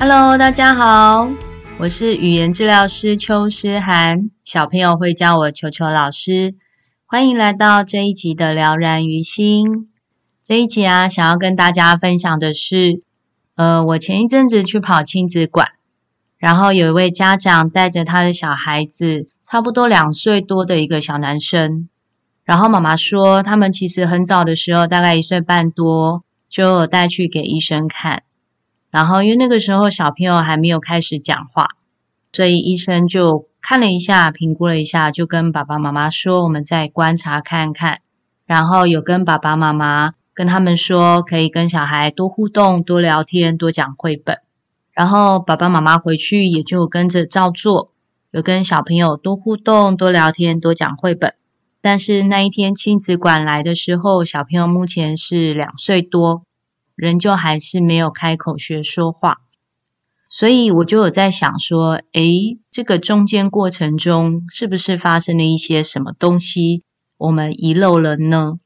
哈嘍，大家好，我是語言治療師邱思涵，小朋友會叫我球球老師。歡迎來到這一集的療燃於心。這一集啊，想要跟大家分享的是，呃，我前一陣子去跑親子館，然後有一位家長帶着他的小孩子，差不多兩歲多的一個小男生，然後媽媽說，他們其實很早的時候，大概一歲半多，就有帶去給醫生看。然後，因為那個時候小朋友還沒有開始講話，所以醫生就看了一下，評估了一下，就跟爸爸媽媽說，我們再觀察看看。然後有跟爸爸媽媽跟他們說，可以跟小孩多互動、多聊天、多講繪本。然後爸爸媽媽回去也就跟着照做，有跟小朋友多互動、多聊天、多講繪本。但是那一天親子館來的時候，小朋友目前是兩歲多。仍舊還是沒有開口學說話，所以我就有在想說，誒，這個中間過程中是不是發生了一些什麼東西，我們遺漏了呢？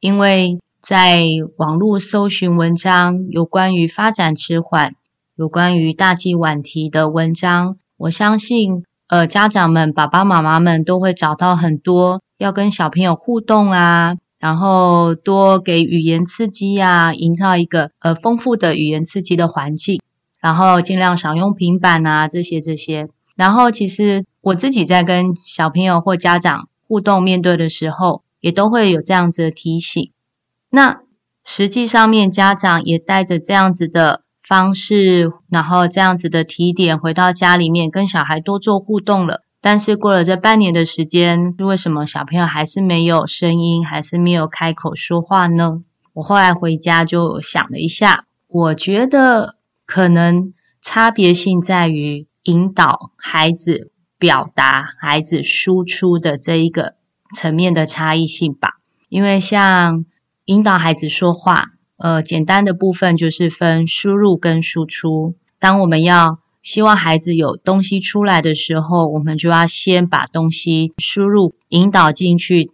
因為在網絡搜尋文章，有關於發展遲緩，有關於大雞晚啼的文章，我相信，呃，家長們、爸爸媽媽們都會找到很多要跟小朋友互動啊。然後多給語言刺激呀、啊，營造一個呃豐富的語言刺激的環境。然後盡量少用平板啊，這些這些。然後其實我自己在跟小朋友或家長互動面對的時候，也都會有這樣子的提醒。那實際上面家長也帶着這樣子的方式，然後這樣子的提點，回到家裡面跟小孩多做互動了。但是過了這半年的時間，為什麼小朋友還是沒有聲音，還是沒有開口說話呢？我後來回家就想了一下，我覺得可能差別性在於引導孩子表達、孩子輸出的這一個層面的差異性吧。因為像引導孩子說話，呃，簡單的部分就是分輸入跟輸出。當我們要。希望孩子有東西出來的時候，我們就要先把東西輸入引導進去。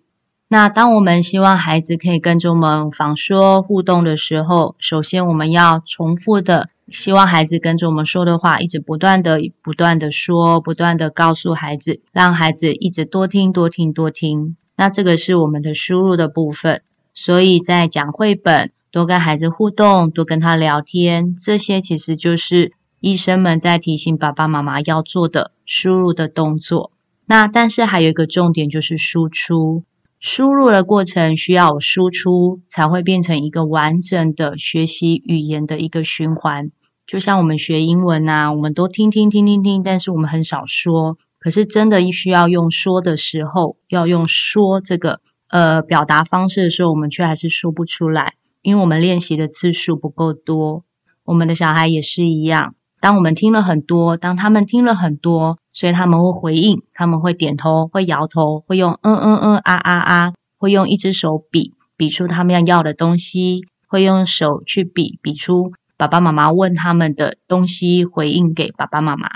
那當我們希望孩子可以跟着我們仿說互動的時候，首先我們要重複的、希望孩子跟着我們說的話，一直不斷的不斷的說，不斷的告訴孩子，讓孩子一直多聽多聽多聽。那這個是我們的輸入的部分。所以在講繪本，多跟孩子互動，多跟他聊天，這些其實就是。醫生們在提醒爸爸媽媽要做的輸入的動作。那但是還有一個重點就是輸出，輸入的過程需要有輸出才會變成一個完整的學習語言的一個循環。就像我們學英文啊，我們都聽聽聽聽聽，但是我們很少說。可是真的需要用說的時候，要用說這個呃表達方式的時候，我們卻還是說不出來，因為我們練習的次數不夠多。我們的小孩也是一樣。當我們聽了很多，當他們聽了很多，所以他們會回應，他們會點頭，會搖頭，會用嗯嗯嗯啊啊啊啊，會用一隻手比比出他們要要的東西，會用手去比比出爸爸媽媽問他們的東西，回應給爸爸媽媽。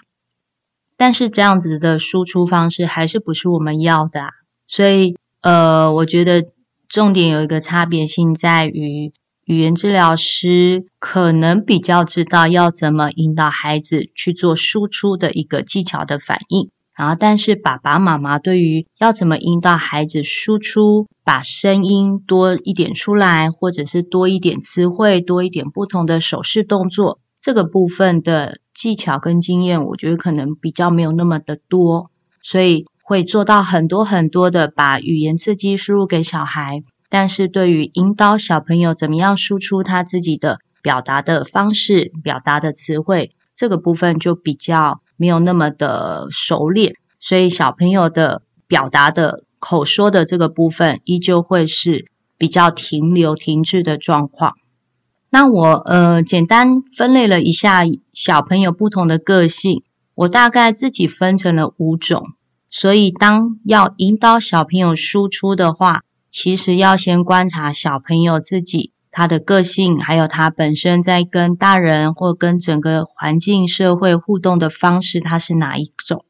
但是這樣子的輸出方式還是不是我們要的，啊？所以呃，我覺得重點有一個差別性在於。語言治療師可能比較知道要怎麼引導孩子去做輸出的一個技巧的反應，然後但是爸爸媽媽對於要怎麼引導孩子輸出，把聲音多一點出來，或者是多一點詞彙，多一點不同的手勢動作，這個部分的技巧跟經驗，我覺得可能比較沒有那麼的多，所以會做到很多很多的把語言刺激輸入給小孩。但是對於引導小朋友怎麼樣輸出他自己的表達的方式、表達的詞彙，這個部分就比較沒有那麼的熟練，所以小朋友的表達的口說的這個部分依舊會是比較停留停滯的狀況。那我，呃，簡單分類了一下小朋友不同的個性，我大概自己分成了五種，所以當要引導小朋友輸出的話，其實要先觀察小朋友自己，他的個性，還有他本身在跟大人或跟整個環境、社會互動的方式，他是哪一種？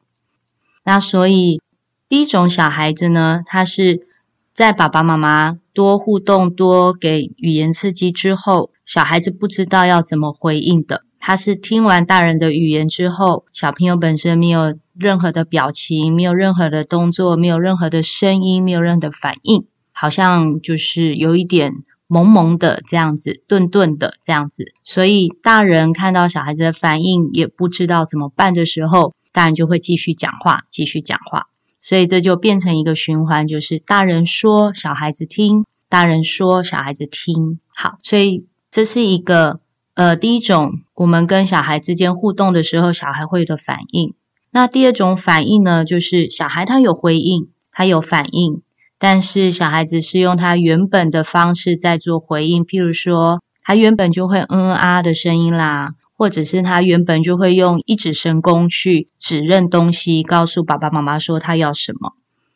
那所以，第一種小孩子呢，他是在爸爸媽媽多互動、多給語言刺激之後，小孩子不知道要怎麼回應的。他是聽完大人的語言之後，小朋友本身沒有任何的表情，沒有任何的動作，沒有任何的聲音，沒有任何的反應。好像就是有一點萌萌的這樣子，頓頓的這樣子，所以大人看到小孩子的反應也不知道怎麼辦的時候，大人就會繼續講話，繼續講話，所以這就變成一個循環，就是大人說，小孩子聽；大人說，小孩子聽。好，所以這是一個呃第一種我們跟小孩之間互動的時候，小孩會有的反應。那第二種反應呢，就是小孩他有回應，他有反應。但是小孩子是用他原本的方式在做回應，譬如說他原本就會嗯啊啊的聲音啦，或者是他原本就會用一指神功去指認東西，告訴爸爸媽媽說他要什麼。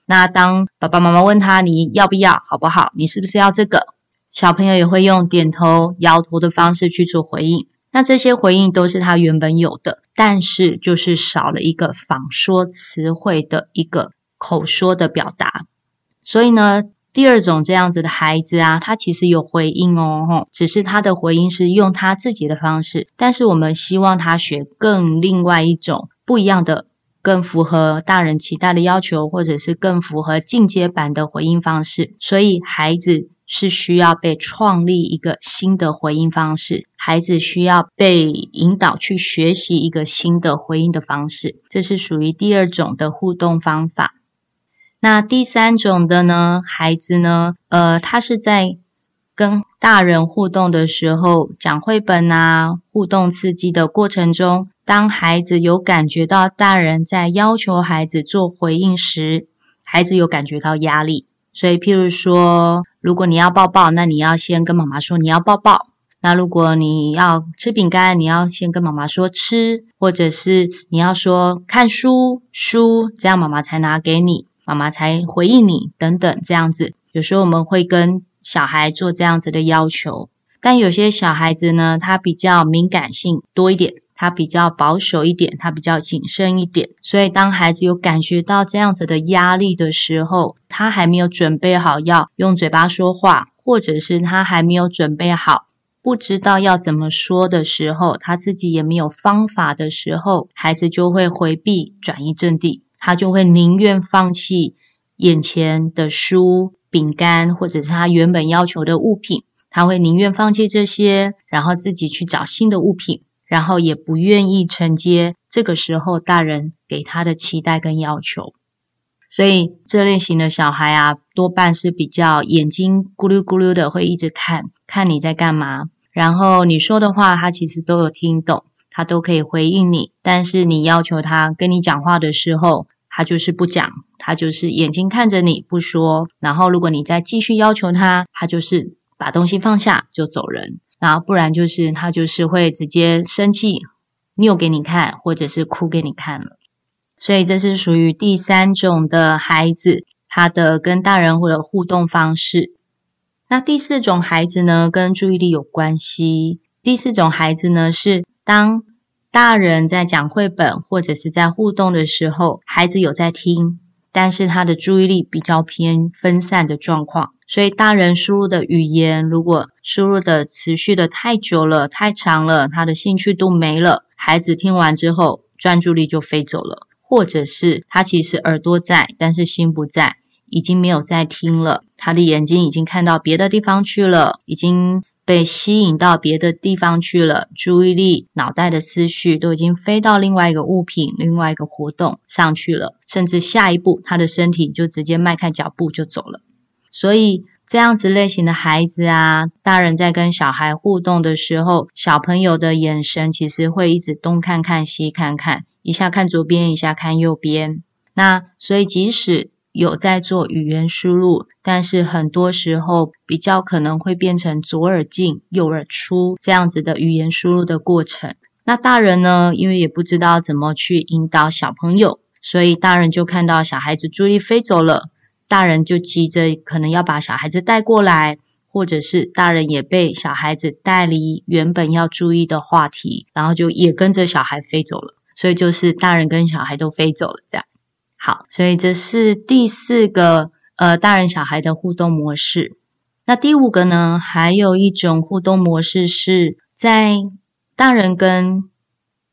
那當爸爸媽媽問他你要不要，好不好，你是不是要這個？小朋友也會用點頭、搖頭的方式去做回應。那這些回應都是他原本有的，但是就是少了一個仿說詞彙的一個口說的表達。所以呢，第二種這樣子的孩子啊，他其實有回應哦，只是他的回應是用他自己的方式。但是我們希望他學更另外一種不一樣的、更符合大人期待的要求，或者是更符合進階版的回應方式。所以孩子是需要被創立一個新的回應方式，孩子需要被引導去學習一個新的回應的方式。這是屬於第二種的互動方法。那第三種的呢？孩子呢？呃，他是在跟大人互動的時候，講繪本啊，互動刺激的過程中，當孩子有感覺到大人在要求孩子做回應時，孩子有感覺到壓力。所以，譬如說，如果你要抱抱，那你要先跟媽媽說你要抱抱；那如果你要吃餅乾，你要先跟媽媽說吃，或者是你要說看書書，這樣媽媽才拿給你。媽媽才回應你，等等這樣子。有時候我們會跟小孩做這樣子的要求，但有些小孩子呢，他比較敏感性多一點，他比較保守一點，他比較謹慎一點。所以當孩子有感覺到這樣子的壓力的時候，他還沒有準備好要用嘴巴說話，或者是他還沒有準備好，不知道要怎麼說的時候，他自己也沒有方法的時候，孩子就會回避、轉移陣地。他就會寧願放棄眼前的書、餅乾，或者是他原本要求的物品。他會寧願放棄這些，然後自己去找新的物品，然後也不願意承接這個時候大人給他的期待跟要求。所以這類型的小孩啊，多半是比較眼睛咕嚕咕嚕的，會一直看看你在幹嘛。然後你說的話，他其實都有聽懂，他都可以回應你。但是你要求他跟你講話的時候，他就是不講，他就是眼睛看着你不說，然後如果你再繼續要求他，他就是把東西放下就走人，然後不然就是他就是會直接生氣，扭給你看，或者是哭給你看了。所以這是屬於第三種的孩子，他的跟大人或者互動方式。那第四種孩子呢，跟注意力有關係。第四種孩子呢，是當。大人在講繪本或者是在互動的時候，孩子有在聽，但是他的注意力比較偏分散的狀況。所以，大人輸入的語言，如果輸入的持續的太久了、太長了，他的興趣都沒了，孩子聽完之後專注力就飛走了，或者是他其實耳朵在，但是心不在，已經沒有在聽了，他的眼睛已經看到別的地方去了，已經。被吸引到別的地方去了，注意力、腦袋的思緒都已經飛到另外一個物品、另外一個活動上去了，甚至下一步他的身體就直接邁開腳步就走了。所以這樣子類型的孩子啊，大人在跟小孩互動的時候，小朋友的眼神其實會一直東看看、西看看，一下看左邊，一下看右邊。那所以即使有在做語言輸入，但是很多時候比較可能會變成左耳進右耳出這樣子的語言輸入的過程。那大人呢，因為也不知道怎麼去引導小朋友，所以大人就看到小孩子注意力飛走了，大人就急着可能要把小孩子帶過來，或者是大人也被小孩子帶離原本要注意的話題，然後就也跟着小孩飛走了。所以就是大人跟小孩都飛走了這樣。好，所以這是第四個呃，大人小孩的互動模式。那第五個呢？還有一種互動模式是在大人跟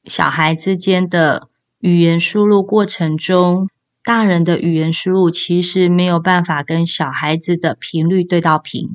小孩之間的語言輸入過程中，大人的語言輸入其實沒有辦法跟小孩子的頻率對到頻，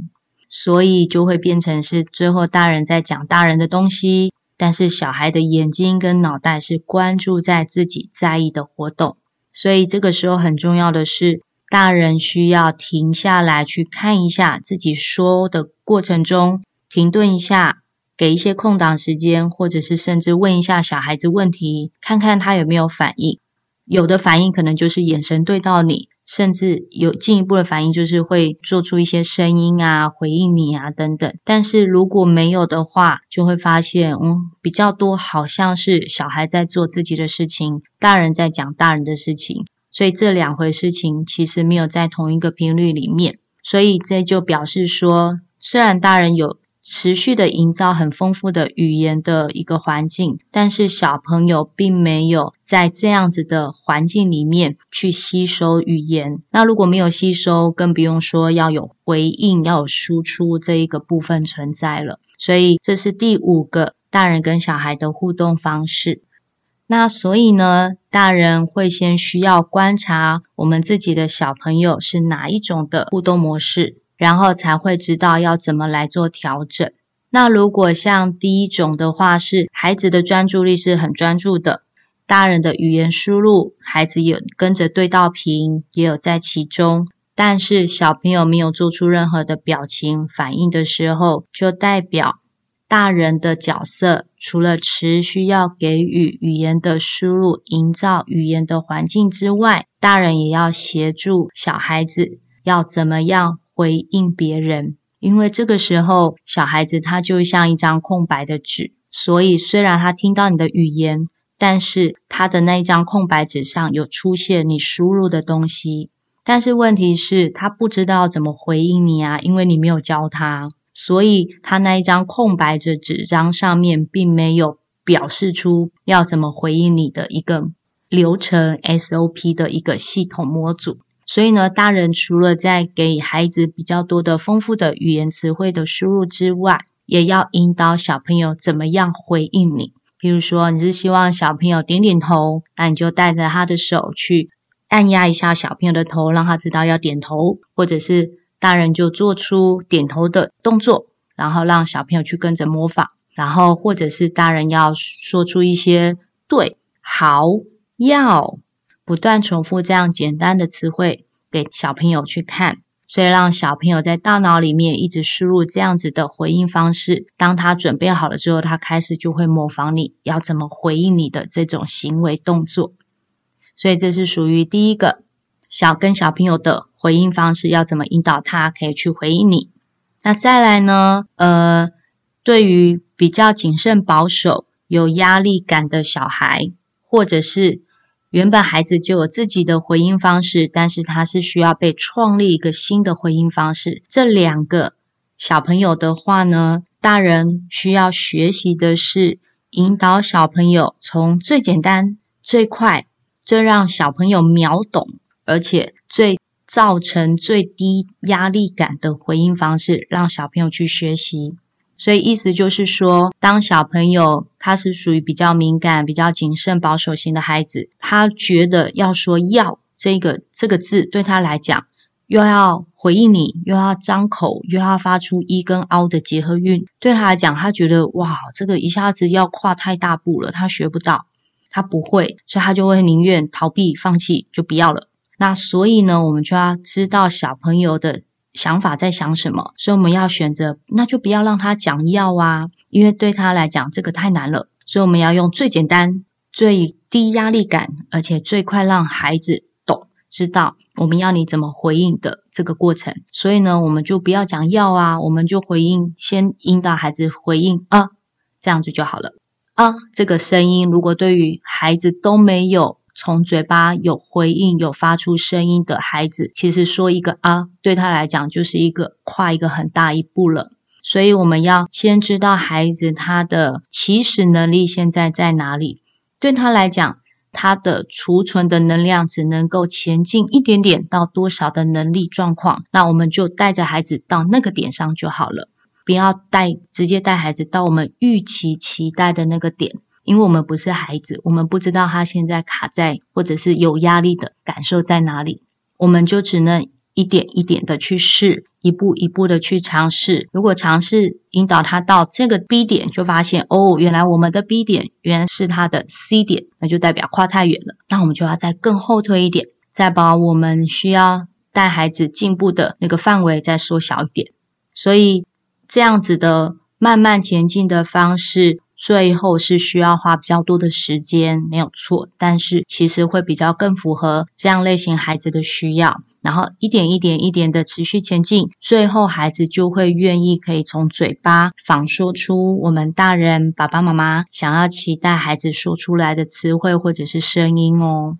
所以就會變成是最後大人在講大人的東西，但是小孩的眼睛跟腦袋是關注在自己在意的活動。所以這個時候很重要的是，大人需要停下來去看一下自己說的過程中，停頓一下，給一些空檔時間，或者是甚至問一下小孩子問題，看看他有沒有反應。有的反應可能就是眼神對到你。甚至有進一步的反應，就是會做出一些聲音啊，回應你啊，等等。但是如果沒有的話，就會發現，嗯，比較多好像是小孩在做自己的事情，大人在講大人的事情。所以這兩回事情其實沒有在同一個頻率裡面。所以這就表示說，雖然大人有。持續的營造很豐富的語言的一個環境，但是小朋友並沒有在這樣子的環境裡面去吸收語言。那如果沒有吸收，更不用說要有回應、要有輸出這一個部分存在了。所以這是第五個大人跟小孩的互動方式。那所以呢，大人會先需要觀察我們自己的小朋友是哪一種的互動模式。然後才會知道要怎麼來做調整。那如果像第一種的話是，是孩子的專注力是很專注的，大人的語言輸入，孩子也跟着對到屏，也有在其中。但是小朋友沒有做出任何的表情反應的時候，就代表大人的角色，除了持續要給予語言的輸入，營造語言的環境之外，大人也要協助小孩子要怎麼樣。回應別人，因為這個時候小孩子他就像一張空白的紙，所以雖然他聽到你的語言，但是他的那一張空白紙上有出現你輸入的東西，但是問題是他不知道怎麼回應你啊，因為你沒有教他，所以他那一張空白的紙張上面並沒有表示出要怎麼回應你的一個流程 SOP 的一個系統模組。所以呢，大人除了在給孩子比較多的豐富的語言詞彙的輸入之外，也要引導小朋友怎麼樣回應你。比如說，你是希望小朋友點點頭，那你就帶着他的手去按壓一下小朋友的頭，讓他知道要點頭；或者是大人就做出點頭的動作，然後讓小朋友去跟着模仿；然後或者是大人要說出一些對、好、要。不斷重複這樣簡單的詞彙給小朋友去看，所以讓小朋友在大腦裡面一直輸入這樣子的回應方式。當他準備好了之後，他開始就會模仿你要怎麼回應你的這種行為動作。所以這是屬於第一個小跟小朋友的回應方式，要怎麼引導他可以去回應你。那再來呢？呃，對於比較謹慎保守、有壓力感的小孩，或者是……原本孩子就有自己的回應方式，但是他是需要被創立一個新的回應方式。這兩個小朋友的話呢，大人需要學習的是引導小朋友從最簡單、最快、最讓小朋友秒懂，而且最造成最低壓力感的回應方式，讓小朋友去學習。所以意思就是說，當小朋友。他是屬於比較敏感、比較謹慎、保守型的孩子。他覺得要說“要”這個這個字，對他來講，又要回應你，又要張口，又要發出“一”跟“凹”的結合韻，對他來講，他覺得哇，這個一下子要跨太大步了，他學不到，他不會，所以他就會寧願逃避、放棄，就不要了。那所以呢，我們就要知道小朋友的想法在想什麼，所以我們要選擇，那就不要讓他講“要”啊。因為對他來講，這個太難了，所以我們要用最簡單、最低壓力感，而且最快讓孩子懂、知道我們要你怎麼回應的這個過程。所以呢，我們就不要講要啊，我們就回應，先引導孩子回應啊，這樣子就好了啊。這個聲音，如果對於孩子都沒有從嘴巴有回應、有發出聲音的孩子，其實說一個啊，對他來講就是一個跨，一個很大一步了。所以我們要先知道孩子他的起始能力現在在哪裡。對他來講，他的儲存的能量只能夠前進一點點到多少的能力狀況，那我們就帶着孩子到那個點上就好了，不要帶，直接帶孩子到我們預期期待的那個點，因為我們不是孩子，我們不知道他現在卡在或者是有壓力的感受在哪裡，我們就只能一點一點的去試。一步一步的去嘗試，如果嘗試引導他到這個 B 點，就發現哦，原來我們的 B 點原來是他的 C 點，那就代表跨太遠了。那我們就要再更後退一點，再把我們需要帶孩子進步的那個範圍再縮小一點。所以這樣子的慢慢前進的方式。最後是需要花比較多的時間，沒有錯，但是其實會比較更符合這樣類型孩子的需要，然後一點一點一點的持續前進，最後孩子就會願意可以從嘴巴仿說出我們大人爸爸媽媽想要期待孩子說出來的詞彙或者是聲音哦，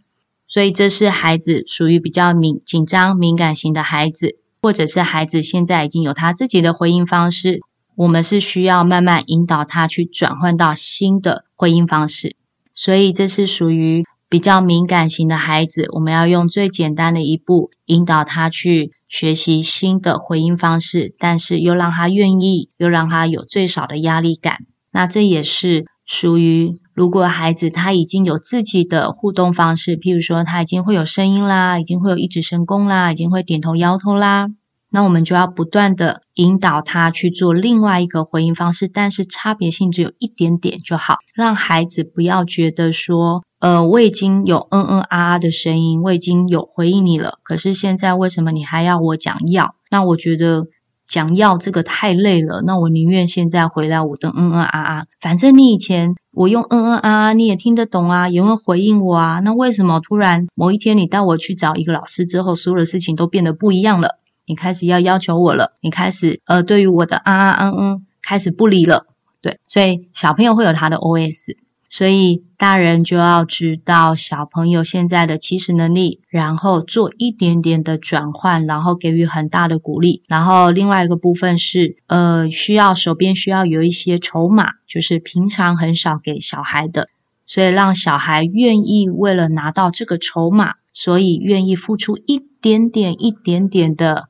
所以這是孩子屬於比較敏緊張敏感型的孩子，或者是孩子現在已經有他自己的回應方式。我們是需要慢慢引導他去轉換到新的回應方式，所以這是屬於比較敏感型的孩子，我們要用最簡單的一步引導他去學習新的回應方式，但是又讓他願意，又讓他有最少的壓力感。那這也是屬於如果孩子他已經有自己的互動方式，譬如說他已經會有聲音啦，已經會有一指神功啦，已經會點頭搖頭啦，那我們就要不斷的。引導他去做另外一個回應方式，但是差別性只有一點點就好，讓孩子不要覺得說，呃，我已經有嗯嗯啊啊的聲音，我已經有回應你了，可是現在為什麼你還要我講要？那我覺得講要這個太累了，那我寧願現在回來我的嗯嗯啊啊。反正你以前我用嗯嗯啊啊你也聽得懂啊，也會回應我啊，那為什麼突然某一天你帶我去找一個老師之後，所有的事情都變得不一樣了？你開始要要求我了，你開始呃，對於我的啊、嗯、啊嗯嗯開始不理了，對，所以小朋友會有他的 O S，所以大人就要知道小朋友現在的起始能力，然後做一點點的轉換，然後給予很大的鼓勵，然後另外一個部分是呃，需要手邊需要有一些籌碼，就是平常很少給小孩的，所以讓小孩願意為了拿到這個籌碼，所以願意付出一點點一點點的。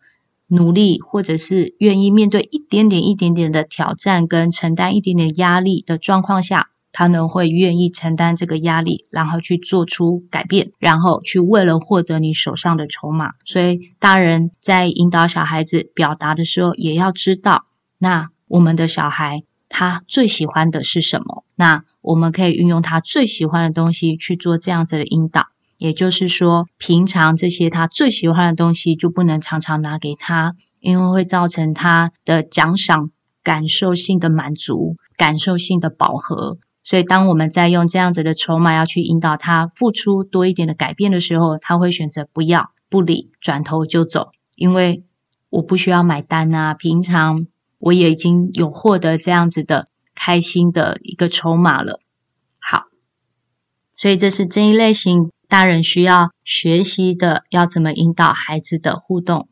努力，或者是願意面對一點點、一點點的挑戰跟承擔一點點壓力的狀況下，他能會願意承擔這個壓力，然後去做出改變，然後去為了獲得你手上的籌碼。所以，大人在引導小孩子表達的時候，也要知道，那我們的小孩他最喜歡的是什麼？那我們可以運用他最喜歡的東西去做這樣子的引導。也就是說，平常這些他最喜歡的東西就不能常常拿給他，因為會造成他的獎賞感受性的滿足、感受性的飽和。所以，當我們在用這樣子的籌碼要去引導他付出多一點的改變的時候，他會選擇不要、不理、轉頭就走，因為我不需要買單啊！平常我也已經有獲得這樣子的開心的一個籌碼了。好，所以這是這一類型。大人需要學習的，要怎麼引導孩子的互動。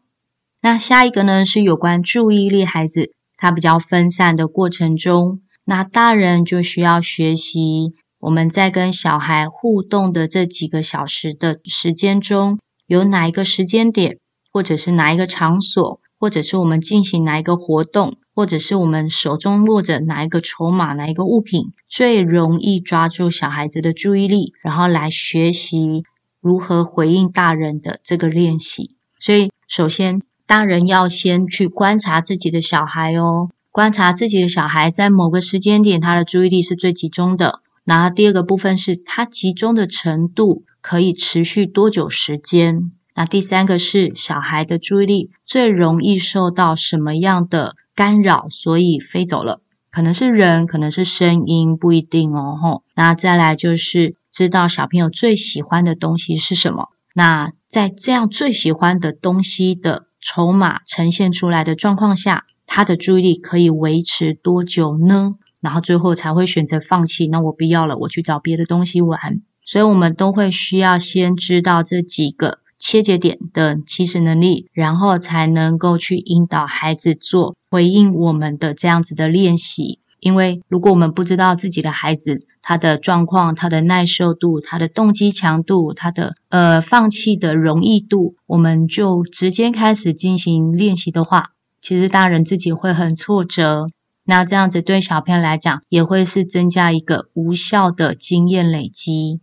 那下一個呢，是有關注意力，孩子他比較分散的過程中，那大人就需要學習，我們在跟小孩互動的這幾個小時的時間中，有哪一個時間點，或者是哪一個場所。或者是我們進行哪一個活動，或者是我們手中握着哪一個籌碼、哪一個物品最容易抓住小孩子的注意力，然後來學習如何回應大人的這個練習。所以，首先大人要先去觀察自己的小孩哦，觀察自己的小孩在某個時間點他的注意力是最集中的。然後第二個部分是他集中的程度可以持續多久時間。那第三個是小孩的注意力最容易受到什麼樣的干擾，所以飛走了，可能是人，可能是聲音，不一定哦。吼，那再來就是知道小朋友最喜歡的東西是什麼。那在這樣最喜歡的東西的籌碼呈現出來的狀況下，他的注意力可以維持多久呢？然後最後才會選擇放棄，那我不要了，我去找別的東西玩。所以我們都會需要先知道這幾個。切節點的起始能力，然後才能夠去引導孩子做回應我們的這樣子的練習。因為如果我們不知道自己的孩子他的狀況、他的耐受度、他的動機強度、他的呃放棄的容易度，我們就直接開始進行練習的話，其實大人自己會很挫折。那這樣子對小朋友來講，也會是增加一個無效的經驗累積。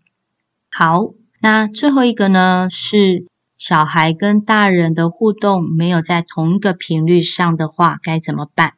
好。那最後一個呢，是小孩跟大人的互動沒有在同一個頻率上的話，該怎麼辦？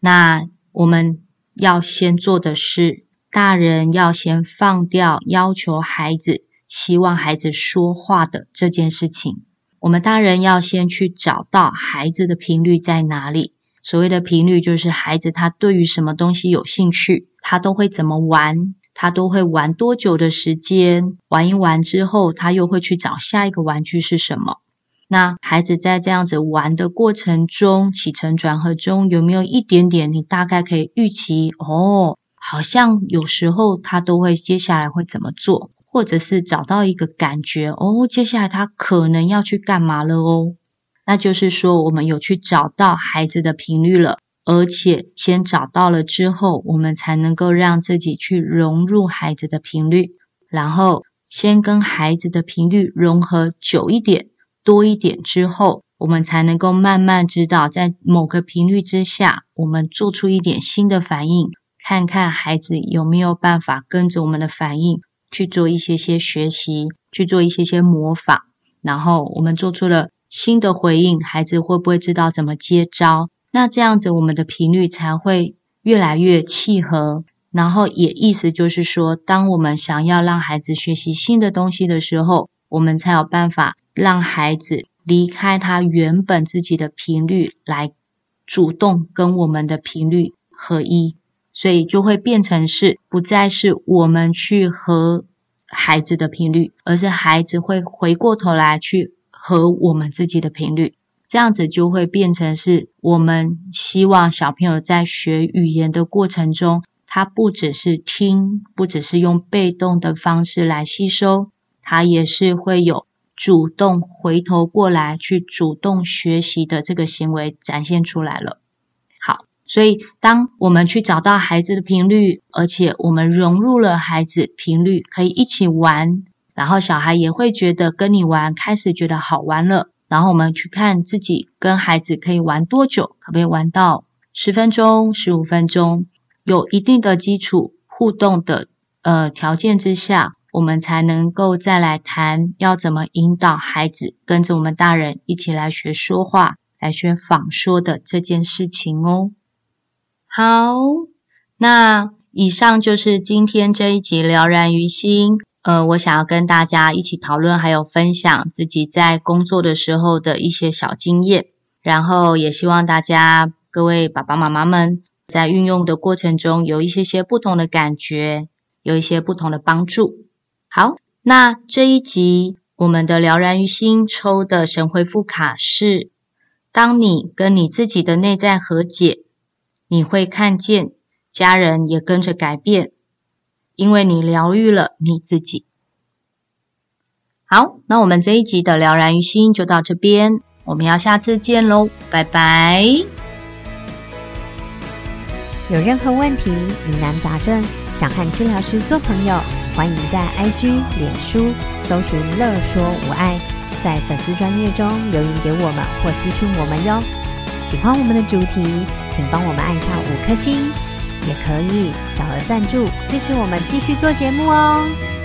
那我們要先做的是，大人要先放掉要求孩子、希望孩子說話的這件事情。我們大人要先去找到孩子的頻率在哪裡。所謂的頻率，就是孩子他對於什麼東西有興趣，他都會怎麼玩。他都會玩多久的時間？玩一玩之後，他又會去找下一個玩具是什麼？那孩子在這樣子玩的過程中，起承轉合中有沒有一點點，你大概可以預期哦，好像有時候他都會接下來會怎麼做，或者是找到一個感覺哦，接下來他可能要去幹嘛了哦？那就是說，我們有去找到孩子的頻率了。而且先找到了之後，我們才能夠讓自己去融入孩子的頻率，然後先跟孩子的頻率融合久一點、多一點之後，我們才能夠慢慢知道，在某個頻率之下，我們做出一點新的反應，看看孩子有沒有辦法跟着我們的反應去做一些些學習，去做一些些模仿，然後我們做出了新的回應，孩子會不會知道怎麼接招？那這樣子，我們的頻率才會越來越契合。然後也意思就是說，當我們想要讓孩子學習新的東西的時候，我們才有辦法讓孩子離開他原本自己的頻率，來主動跟我們的頻率合一。所以就會變成是，不再是我們去和孩子的頻率，而是孩子會回過頭來去和我們自己的頻率。這樣子就會變成是我們希望小朋友在學語言的過程中，他不只是聽，不只是用被動的方式來吸收，他也是會有主動回頭過來去主動學習的這個行為展現出來了。好，所以當我們去找到孩子的頻率，而且我們融入了孩子頻率，可以一起玩，然後小孩也會覺得跟你玩開始覺得好玩了。然後我們去看自己跟孩子可以玩多久，可不可以玩到十分鐘、十五分鐘？有一定的基礎互動的呃條件之下，我們才能夠再來談要怎麼引導孩子跟着我們大人一起來學說話、來學仿說的這件事情哦。好，那以上就是今天這一集療燃於心。呃，我想要跟大家一起討論，還有分享自己在工作的時候的一些小經驗，然後也希望大家各位爸爸媽媽們在運用的過程中有一些些不同的感覺，有一些不同的幫助。好，那這一集我們的療燃於心抽的神回復卡是，當你跟你自己的內在和解，你會看見家人也跟着改變。因為你療癒了你自己，好，那我們這一集的療燃於心就到這邊，我們要下次見嘍，拜拜。有任何問題、疑難雜症，想和治療師做朋友，歡迎在 IG、臉書搜尋“樂說無礙”，在粉絲專頁中留言給我們或私訊我們喲。喜歡我們的主題，請幫我們按下五顆星。也可以小額贊助支持我們繼續做節目哦。